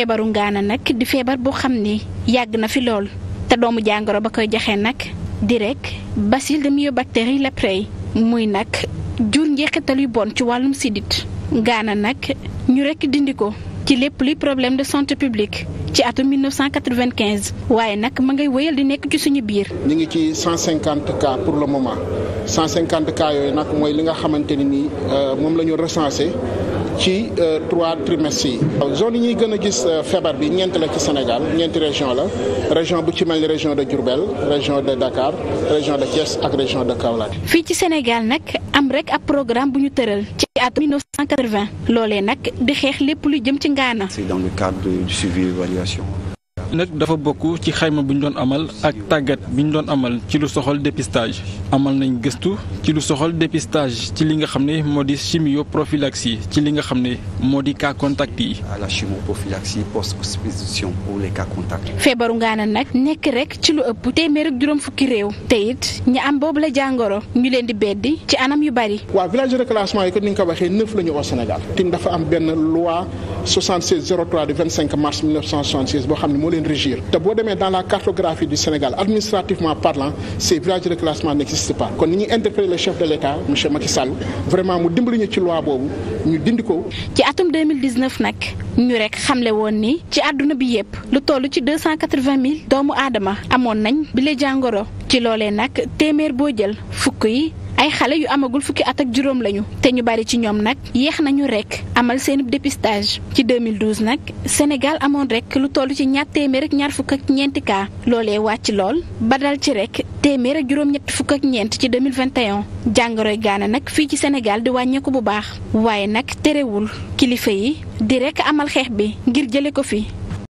feebaru ngaana nag di feebar boo xam ni yàgg na fi lool te doomu jàngoro ba koy joxe nag di rek bacille de myobactérie leprae muy nag jur njeexital yu bon ci wàllum sidit ngaana nag ñu rek dindi ko ci lépp luy problème de santé publique ci atum 1995 waaye nag ma ngay wéyal di nekk ci suñu biir. ñu ngi ci 150 cas pour le moment 150 cas yooyu nag mooy li nga xamante ni euh, moom la ñu recensé. ci euh, trois trimestres yi. zone yi ñuy gën a gis euh, feebar bi ñeent la ci Sénégal ñeenti région la région bu ci mel ni région de Diourbel région de Dakar région de Thiès ak région de Kaolack. fii ci Sénégal nag am rek ab programme bu ñu tëral ci atum 1980 loolee nag di xeex lépp lu jëm ci ngaana. c'est dans le cadre du suivi évaluation. nag dafa bokk ci xayma bu ñu doon amal ak tàggat bi ñu doon amal ci lu soxal dépistage amal nañ gëstu ci lu soxal dépistage ci li nga xam ne moo di chimioprophylaxie ci li nga xam ne moo di cas contact yi. à la chimioprophylaxie post exposition pour les feebaru ngaana nag nekk rek ci lu ëpp téeméer ak juróom fukki réew te it ñi am boobu la jàngoro ñu leen di beddi ci anam yu bari. waaw village de reclassement yi ko ni nga ko waxee neuf la ñu au tim dafa am benn loi mars boo xam ne leen régir te boo demee dans la cartographie du Sénégal administrativement parlant ces villages de classement n'existent pas kon ni ñuy interpellé le chef de l'État monsieur Macky Sall vraiment mu dimbali ñu ci loi boobu ñu dindi ko. ci atum 2019 nag ñu rek xamle woon ni ci àdduna bi yépp lu toll ci doomu aadama amoon nañ bile jàngoro ci loolee nag téeméer boo jël fukk yi. ay xale yu amagul fukki at ak juróom lañu te ñu bari ci ñoom nag yeex nañu rek amal seen dépistage ci 2012 nag Sénégal amoon rek lu tollu ci ñaar téeméer ak ñaar fukk ñeenti kaa loolee wàcc lool ba dal ci rek téeméer ak juróom-ñett fukk ak ñeent ci 2021 jàngoroy gaana nag fii ci Sénégal di wàññeeku bu baax waaye nag terewul kilifa yi di rekk amal xeex bi ngir jële ko fi.